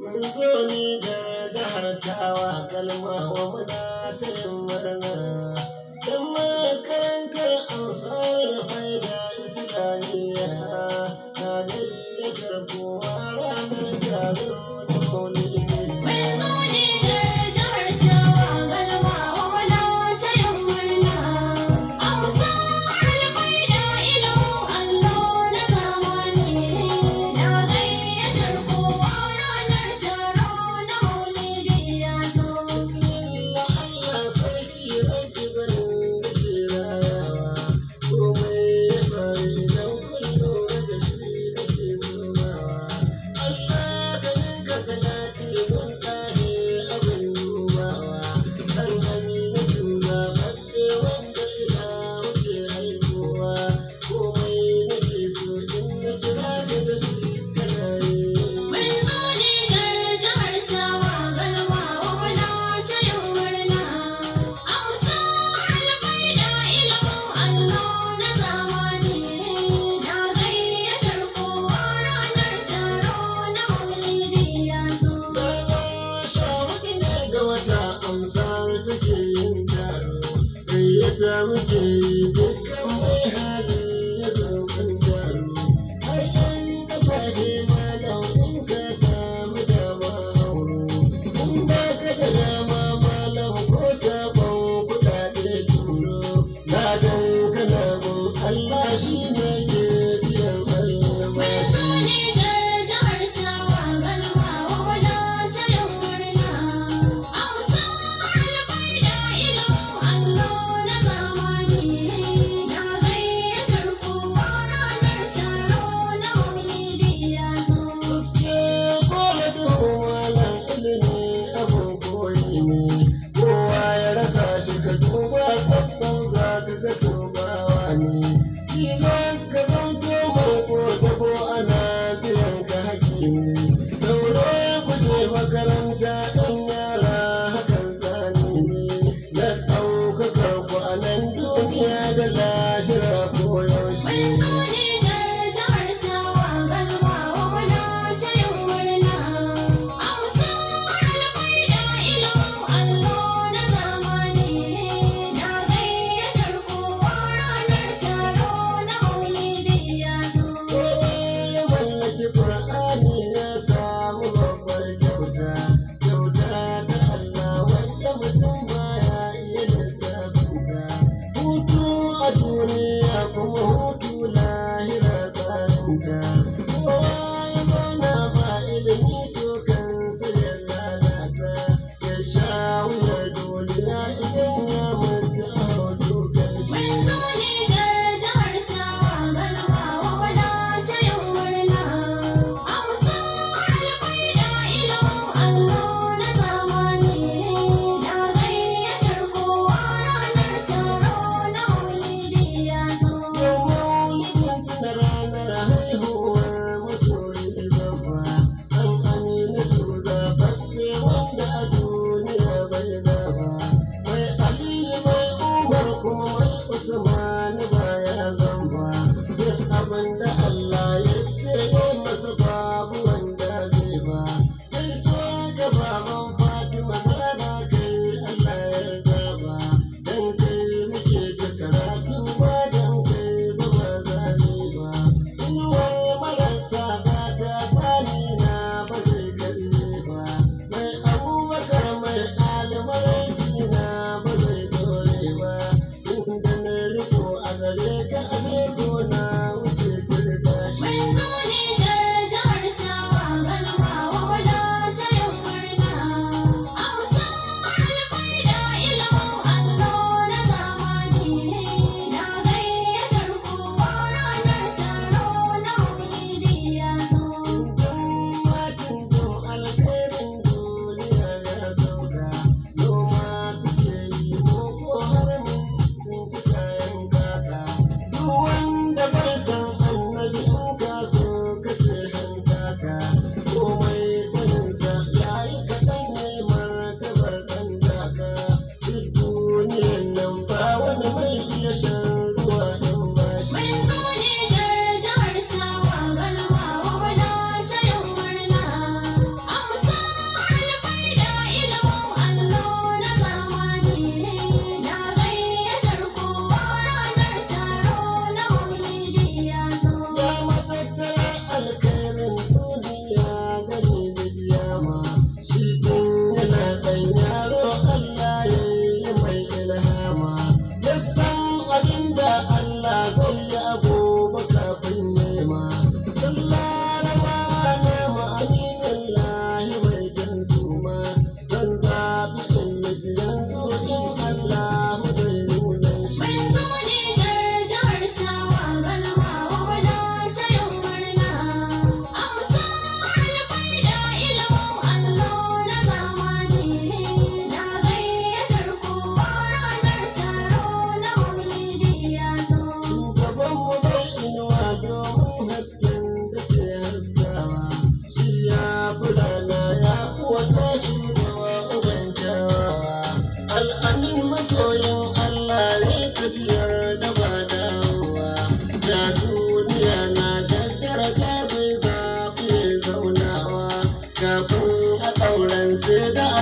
Mun zo ni da jihar tawa kalma wa muna ta murna. every day. koyi kowa ya rasa shi ka duba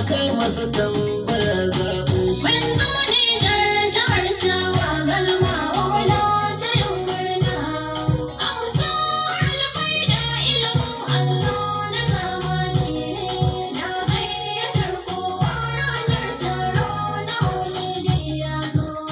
kai masa